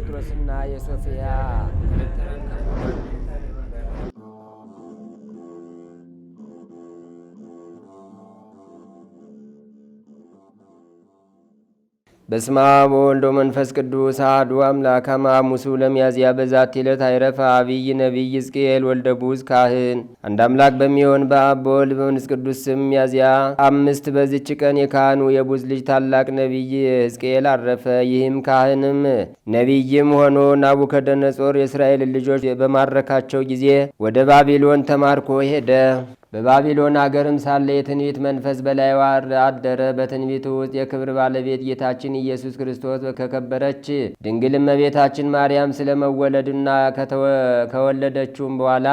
Petrus na ya በስማ በወልዶ መንፈስ ቅዱስ አሐዱ አምላክ አማሙሱ ለሚያዝያ በዛቲ ዕለት አይረፈ አብይ ነቢይ ሕዝቅኤል ወልደ ቡዝ ካህን። አንድ አምላክ በሚሆን በአብ በወልድ በመንፈስ ቅዱስ ስም ሚያዝያ አምስት በዚች ቀን የካህኑ የቡዝ ልጅ ታላቅ ነቢይ ሕዝቅኤል አረፈ። ይህም ካህንም ነቢይም ሆኖ ናቡከደነጾር የእስራኤልን ልጆች በማረካቸው ጊዜ ወደ ባቢሎን ተማርኮ ሄደ። በባቢሎን አገርም ሳለ የትንቢት መንፈስ በላይዋ አደረ። በትንቢቱ ውስጥ የክብር ባለቤት ጌታችን ኢየሱስ ክርስቶስ ከከበረች ድንግል እመቤታችን ማርያም ስለመወለዱና ከወለደችውም በኋላ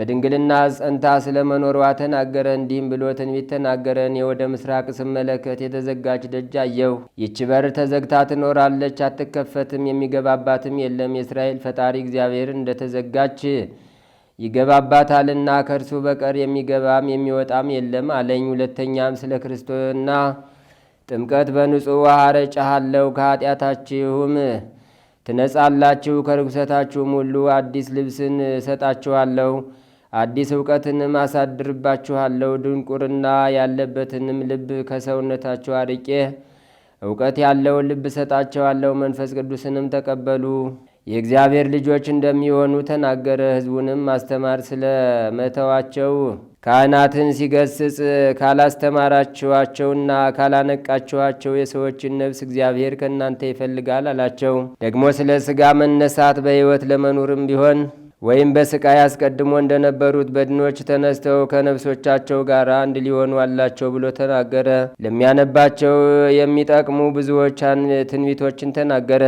በድንግልና ጸንታ ስለመኖሯ ተናገረ። እንዲህም ብሎ ትንቢት ተናገረ። እኔ ወደ ምስራቅ ስመለከት የተዘጋች ደጅ አየሁ። ይች በር ተዘግታ ትኖራለች፣ አትከፈትም፣ የሚገባባትም የለም። የእስራኤል ፈጣሪ እግዚአብሔር እንደተዘጋች ይገባባታልና ከእርሱ በቀር የሚገባም የሚወጣም የለም አለኝ። ሁለተኛም ስለ ክርስቶና ጥምቀት በንጹሕ ውሃ ረጨሃለሁ፣ ከኃጢአታችሁም ትነጻላችሁ፣ ከርኩሰታችሁም ሁሉ አዲስ ልብስን እሰጣችኋለሁ፣ አዲስ እውቀትንም አሳድርባችኋለሁ። ድንቁርና ያለበትንም ልብ ከሰውነታችሁ አርቄ እውቀት ያለውን ልብ እሰጣችኋለሁ። መንፈስ ቅዱስንም ተቀበሉ የእግዚአብሔር ልጆች እንደሚሆኑ ተናገረ። ሕዝቡንም ማስተማር ስለመተዋቸው ካህናትን ሲገስጽ ካላስተማራችኋቸውና ካላነቃችኋቸው የሰዎችን ነፍስ እግዚአብሔር ከእናንተ ይፈልጋል አላቸው። ደግሞ ስለ ሥጋ መነሳት በሕይወት ለመኖርም ቢሆን ወይም በስቃይ አስቀድሞ እንደነበሩት በድኖች ተነስተው ከነፍሶቻቸው ጋር አንድ ሊሆኑ አላቸው ብሎ ተናገረ። ለሚያነባቸው የሚጠቅሙ ብዙዎች ትንቢቶችን ተናገረ።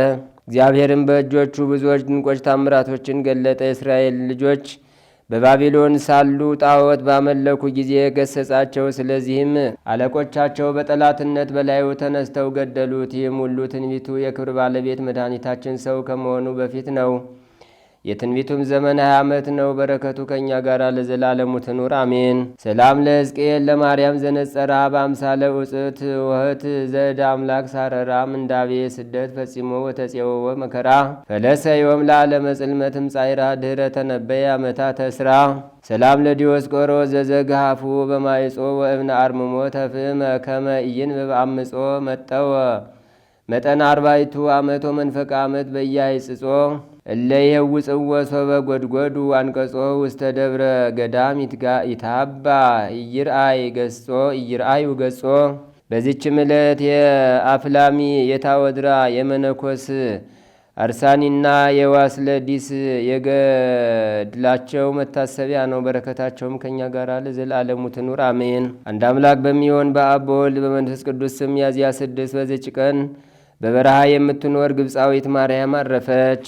እግዚአብሔርም በእጆቹ ብዙዎች ድንቆች ታምራቶችን ገለጠ። የእስራኤል ልጆች በባቢሎን ሳሉ ጣዖት ባመለኩ ጊዜ ገሰጻቸው። ስለዚህም አለቆቻቸው በጠላትነት በላዩ ተነስተው ገደሉት። ይህም ሁሉ ትንቢቱ የክብር ባለቤት መድኃኒታችን ሰው ከመሆኑ በፊት ነው። የትንቢቱም ዘመን ሀያ ዓመት ነው። በረከቱ ከእኛ ጋር ለዘላለሙ ትኑር አሜን። ሰላም ለሕዝቅኤል ለማርያም ዘነጸራ በአምሳለ ውፅት ወህት ዘእደ አምላክ ሳረራ ምንዳቤ ስደት ፈጺሞ ወተፄወወ መከራ ፈለሰዮም ለዓለመ ጽልመትም ጻይራ ድህረ ተነበየ ዓመታ ተስራ ሰላም ለዲዮስቆሮ ዘዘግሃፉ በማይጾ ወእብነ አርምሞ ተፍእመ ከመ እይን ብብአምጾ መጠወ መጠን አርባይቱ አመቶ መንፈቀ ዓመት በያይጽጾ እለ የውፅወ ሶበ ጐድጐዱ አንቀጾ ውስተ ደብረ ገዳም ይታባ እይርአይ ገጾ እይርአዩ ገጾ። በዚች ምለት የአፍላሚ የታወድራ የመነኮስ አርሳኒና የዋስለዲስ የገድላቸው መታሰቢያ ነው። በረከታቸውም ከእኛ ጋር ለዘላለሙ ትኑር አሜን። አንድ አምላክ በሚሆን በአብ በወልድ በመንፈስ ቅዱስ ስም ሚያዝያ ስድስት በዚች ቀን በበረሃ የምትኖር ግብፃዊት ማርያም አረፈች።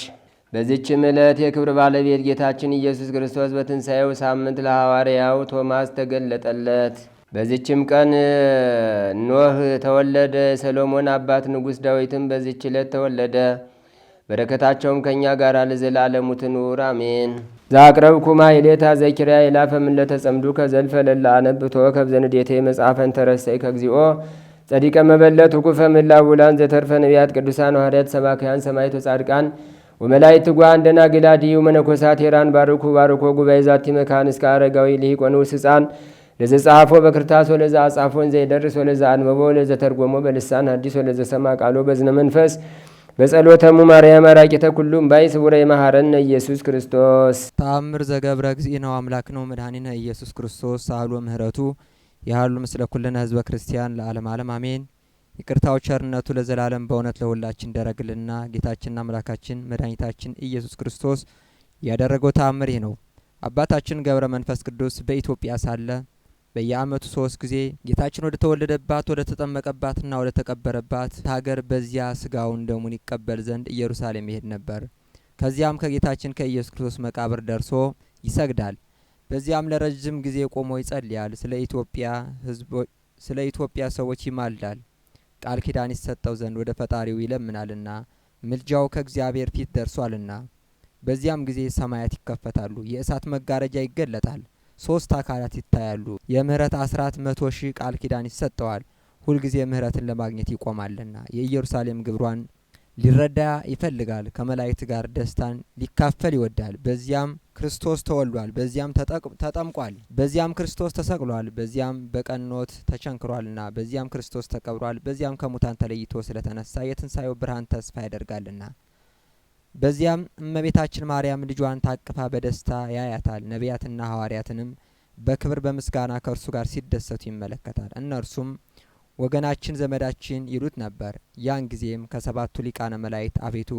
በዚችም ዕለት የክብር ባለቤት ጌታችን ኢየሱስ ክርስቶስ በትንሣኤው ሳምንት ለሐዋርያው ቶማስ ተገለጠለት። በዚችም ቀን ኖህ ተወለደ። የሰሎሞን አባት ንጉሥ ዳዊትም በዚች ዕለት ተወለደ። በረከታቸውም ከእኛ ጋር ለዘላለሙ ትኑር አሜን። ዛቅረብ ኩማ ኢሌታ ዘኪርያ የላፈም ለተጸምዱ ከዘልፈ ለላ አነብቶ ከብዘንዴቴ መጽሐፈን ተረሰይ ከግዚኦ ጸዲቀ መበለት ኩፈ ምላቡላን ዘተርፈ ነቢያት ቅዱሳን ሐዋርያት ሰባክያን ሰማይቶ ጻድቃን ወመላይት ጓን ደናግላ ድዩ መነኮሳት ሄራን ባርኩ ባርኮ ጉባኤ ዛቲ መካን እስከ አረጋዊ ሊቆን ውስ ህፃን ለዘ ጻፎ በክርታስ ወለዘ አጻፎን ዘይደርስ ወለዘ አንበቦ ወለዘ ተርጎሞ በልሳን አዲስ ወለዘ ሰማ ቃሎ በዝነ መንፈስ በጸሎተሙ ማርያም አራቂተ ኩሉም ባይ ስቡረ የማሐረነ ኢየሱስ ክርስቶስ ተአምር ዘገብረ ነው አምላክ ነው መድኃኒነ ኢየሱስ ክርስቶስ ሳህሉ ምህረቱ ያህሉ ምስለ ኩልነ ህዝበ ክርስቲያን ለዓለም ዓለም አሜን። ይቅርታው ቸርነቱ ለዘላለም በእውነት ለሁላችን ደረግልና ጌታችንና አምላካችን መድኃኒታችን ኢየሱስ ክርስቶስ ያደረገው ተአምር ይህ ነው። አባታችን ገብረ መንፈስ ቅዱስ በኢትዮጵያ ሳለ በየአመቱ ሶስት ጊዜ ጌታችን ወደ ተወለደባት ወደ ተጠመቀባትና ወደ ተቀበረባት ሀገር በዚያ ስጋውን ደሙን ይቀበል ዘንድ ኢየሩሳሌም ይሄድ ነበር። ከዚያም ከጌታችን ከኢየሱስ ክርስቶስ መቃብር ደርሶ ይሰግዳል። በዚያም ለረጅም ጊዜ ቆሞ ይጸልያል። ስለ ኢትዮጵያ ህዝቦች ስለ ኢትዮጵያ ሰዎች ይማልዳል። ቃል ኪዳን ይሰጠው ዘንድ ወደ ፈጣሪው ይለምናልና ምልጃው ከእግዚአብሔር ፊት ደርሷልና። በዚያም ጊዜ ሰማያት ይከፈታሉ፣ የእሳት መጋረጃ ይገለጣል፣ ሶስት አካላት ይታያሉ። የምህረት አስራት መቶ ሺህ ቃል ኪዳን ይሰጠዋል፣ ሁልጊዜ ምህረትን ለማግኘት ይቆማልና የኢየሩሳሌም ግብሯን ሊረዳ ይፈልጋል። ከመላእክት ጋር ደስታን ሊካፈል ይወዳል። በዚያም ክርስቶስ ተወልዷል፣ በዚያም ተጠምቋል፣ በዚያም ክርስቶስ ተሰቅሏል፣ በዚያም በቀኖት ተቸንክሯልና፣ በዚያም ክርስቶስ ተቀብሯል፣ በዚያም ከሙታን ተለይቶ ስለተነሳ የትንሣኤው ብርሃን ተስፋ ያደርጋልና። በዚያም እመቤታችን ማርያም ልጇን ታቅፋ በደስታ ያያታል። ነቢያትና ሐዋርያትንም በክብር በምስጋና ከእርሱ ጋር ሲደሰቱ ይመለከታል። እነርሱም ወገናችን፣ ዘመዳችን ይሉት ነበር። ያን ጊዜም ከሰባቱ ሊቃነ መላእክት አቤቱ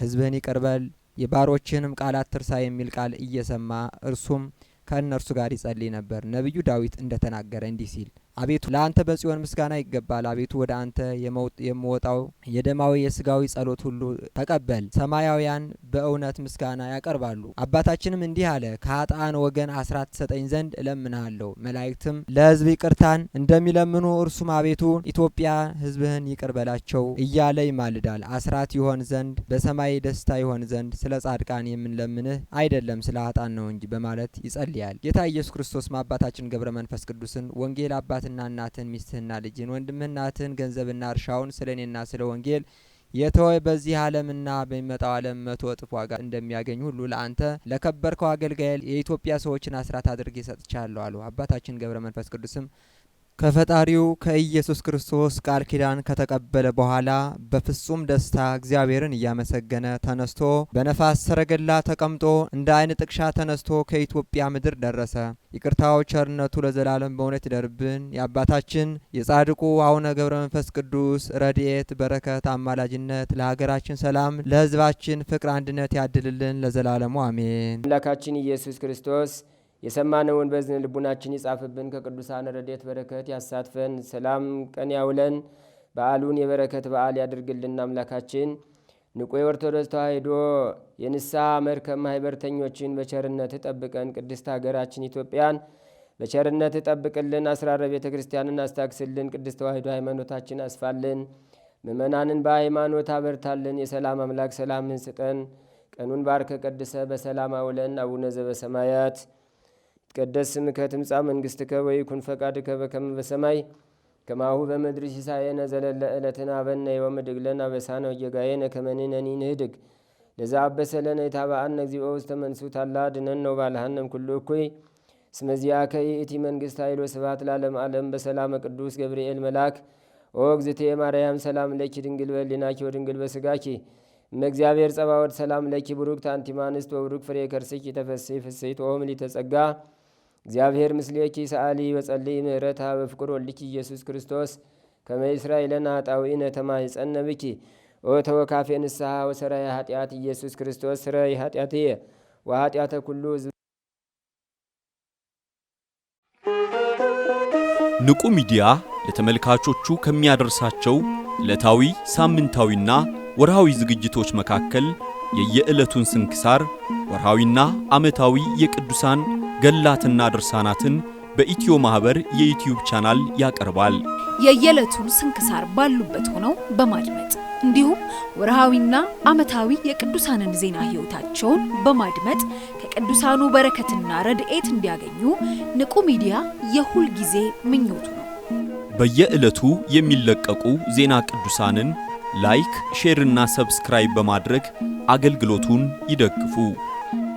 ሕዝብህን ይቅርበል የባሮችንም የባሮችህንም ቃላት ትርሳ የሚል ቃል እየሰማ እርሱም ከእነርሱ ጋር ይጸልይ ነበር። ነቢዩ ዳዊት እንደተናገረ እንዲህ ሲል አቤቱ ለአንተ በጽዮን ምስጋና ይገባል። አቤቱ ወደ አንተ የምወጣው የደማዊ የስጋዊ ጸሎት ሁሉ ተቀበል። ሰማያውያን በእውነት ምስጋና ያቀርባሉ። አባታችንም እንዲህ አለ፣ ከአጣን ወገን አስራት ሰጠኝ ዘንድ እለምንሃለሁ። መላእክትም ለህዝብ ይቅርታን እንደሚለምኑ እርሱም አቤቱ ኢትዮጵያ ህዝብህን ይቅር በላቸው እያለ ይማልዳል። አስራት ይሆን ዘንድ በሰማይ ደስታ ይሆን ዘንድ ስለ ጻድቃን የምንለምንህ አይደለም ስለ ሀጣን ነው እንጂ በማለት ይጸልያል። ጌታ ኢየሱስ ክርስቶስ አባታችን ገብረ መንፈስ ቅዱስን ወንጌል አባ አባትና እናትን ሚስትህና ልጅን ወንድምህና እህትህን ገንዘብና እርሻውን ስለ እኔና ስለ ወንጌል የተወ በዚህ ዓለምና በሚመጣው ዓለም መቶ እጥፍ ዋጋ እንደሚያገኝ ሁሉ ለአንተ ለከበርከው አገልጋይ የኢትዮጵያ ሰዎችን አስራት አድርጌ ሰጥቻለሁ አሉ። አባታችን ገብረ መንፈስ ቅዱስም ከፈጣሪው ከኢየሱስ ክርስቶስ ቃል ኪዳን ከተቀበለ በኋላ በፍጹም ደስታ እግዚአብሔርን እያመሰገነ ተነስቶ በነፋስ ሰረገላ ተቀምጦ እንደ አይን ጥቅሻ ተነስቶ ከኢትዮጵያ ምድር ደረሰ። ይቅርታው ቸርነቱ ለዘላለም በእውነት ይደርብን። የአባታችን የጻድቁ አቡነ ገብረ መንፈስ ቅዱስ ረድኤት፣ በረከት፣ አማላጅነት ለሀገራችን ሰላም፣ ለሕዝባችን ፍቅር፣ አንድነት ያድልልን ለዘላለሙ አሜን። አምላካችን ኢየሱስ ክርስቶስ የሰማነውን በዝን ልቡናችን ይጻፍብን፣ ከቅዱሳን ረድኤት በረከት ያሳትፈን፣ ሰላም ቀን ያውለን፣ በዓሉን የበረከት በዓል ያድርግልን። አምላካችን ንቁ የኦርቶዶክስ ተዋሕዶ የንስሐ መርከብ ማህበርተኞችን በቸርነት ጠብቀን፣ ቅድስት ሀገራችን ኢትዮጵያን በቸርነት ጠብቅልን፣ አስራረ ቤተ ክርስቲያንን አስታክስልን፣ ቅድስት ተዋሕዶ ሃይማኖታችን አስፋልን፣ ምእመናንን በሃይማኖት አበርታልን። የሰላም አምላክ ሰላምን ስጠን። ቀኑን ባርከ ቀድሰ በሰላም አውለን። አቡነ ዘበሰማያት ይትቀደስ ስምከ ትምጻእ መንግሥትከ ወይኩን ፈቃድከ በከመ በሰማይ ከማሁ በምድሪ ሲሳየነ ዘለለ ዕለትነ ሀበነ ዮም ወኅድግ ለነ አበሳነ ወጌጋየነ ከመ ንሕነኒ ንኅድግ ለዘአበሰ ለነ ኢታብአነ እግዚኦ ውስተ መንሱት አላ አድኅነነ ወባልሐነ እምኩሉ እኩይ እስመ ዚአከ ይእቲ መንግሥት ኃይል ወስብሐት ለዓለመ ዓለም በሰላመ ቅዱስ ገብርኤል መልአክ ኦ እግዝእትየ ማርያም ሰላም ለኪ ድንግል በሕሊናኪ ወድንግል በሥጋኪ እመእግዚአብሔር ጸባኦት ሰላም ለኪ ቡሩክት አንቲ እምአንስት ወቡሩክ ፍሬ ከርስኪ ተፈሥሒ ፍሥሕት ኦ ምልዕተ ጸጋ እግዚአብሔር ምስሌኪ ሰአሊ በጸልይ ምህረታ በፍቅር ወልኪ ኢየሱስ ክርስቶስ ከመ ጣዊነ ተማይ ጸነብኪ ብኪ ኦ ንስሓ ወሰራይ ኢየሱስ ክርስቶስ ስረይ ኃጢአትየ ወኃጢአተ ኩሉ ንቁ ሚዲያ ለተመልካቾቹ ከሚያደርሳቸው ዕለታዊ ሳምንታዊና ወርሃዊ ዝግጅቶች መካከል የየዕለቱን ስንክሳር ወርሃዊና ዓመታዊ የቅዱሳን ገላትና ድርሳናትን በኢትዮ ማህበር የዩትዩብ ቻናል ያቀርባል። የየዕለቱን ስንክሳር ባሉበት ሆነው በማድመጥ እንዲሁም ወርሃዊና ዓመታዊ የቅዱሳንን ዜና ህይወታቸውን በማድመጥ ከቅዱሳኑ በረከትና ረድኤት እንዲያገኙ ንቁ ሚዲያ የሁል ጊዜ ምኞቱ ነው። በየዕለቱ የሚለቀቁ ዜና ቅዱሳንን ላይክ፣ ሼርና ሰብስክራይብ በማድረግ አገልግሎቱን ይደግፉ።